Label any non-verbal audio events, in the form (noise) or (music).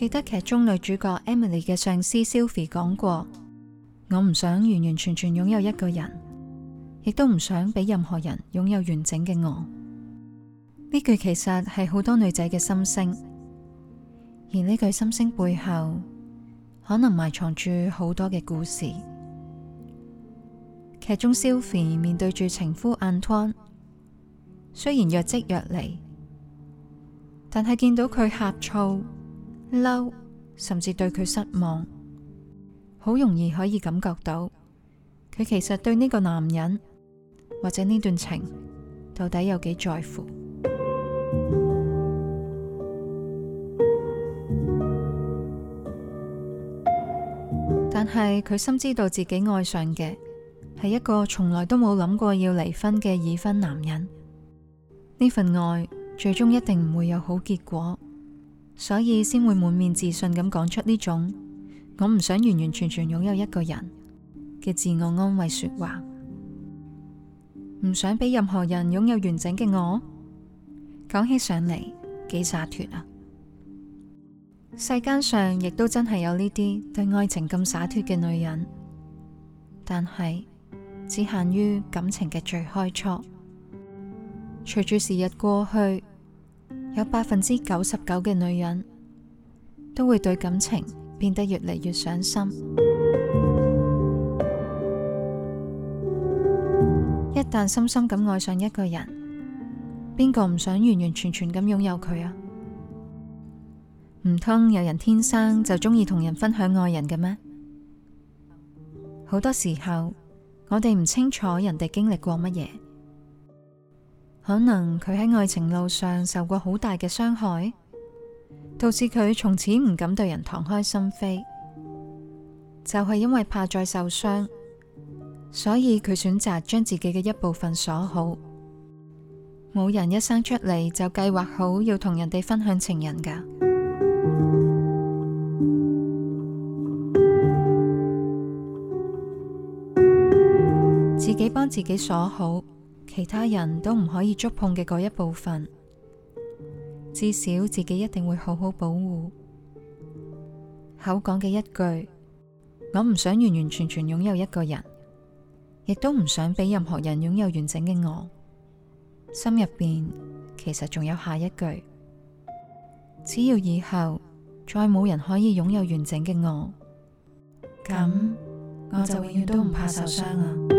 記得劇中女主角 Emily 嘅上司 Sylvie 講過：我唔想完完全全擁有一個人，亦都唔想俾任何人擁有完整嘅我。呢句其實係好多女仔嘅心聲，而呢句心聲背後可能埋藏住好多嘅故事。劇中 Sylvie 面對住情夫 Antoine，雖然若即若離，但係見到佢呷醋。嬲，甚至對佢失望，好容易可以感覺到佢其實對呢個男人或者呢段情到底有幾在乎。但係佢深知道自己愛上嘅係一個從來都冇諗過要離婚嘅已婚男人，呢份愛最終一定唔會有好結果。所以先會滿面自信咁講出呢種我唔想完完全全擁有一個人嘅自我安慰說話，唔想俾任何人擁有完整嘅我。講起上嚟幾灑脫啊！世間上亦都真係有呢啲對愛情咁灑脫嘅女人，但係只限於感情嘅最開初。隨住時日過去，有百分之九十九嘅女人都會對感情變得越嚟越上心。 (music) 一旦深深咁愛上一個人，邊個唔想完完全全咁擁有佢啊？唔通有人天生就中意同人分享愛人嘅咩？好多時候我哋唔清楚人哋經歷過乜嘢。可能佢喺愛情路上受過好大嘅傷害，導致佢從此唔敢對人敞開心扉。就係因為怕再受傷，所以佢選擇將自己嘅一部分鎖好。冇人一生出嚟就計劃好要同人哋分享情人㗎，自己幫自己鎖好。其他人都唔可以觸碰嘅嗰一部分，至少自己一定會好好保護。口講嘅一句，我唔想完完全全擁有一個人，亦都唔想俾任何人擁有完整嘅我。心入邊其實仲有下一句，只要以後再冇人可以擁有完整嘅我，咁樣我就永遠都唔怕受傷啊！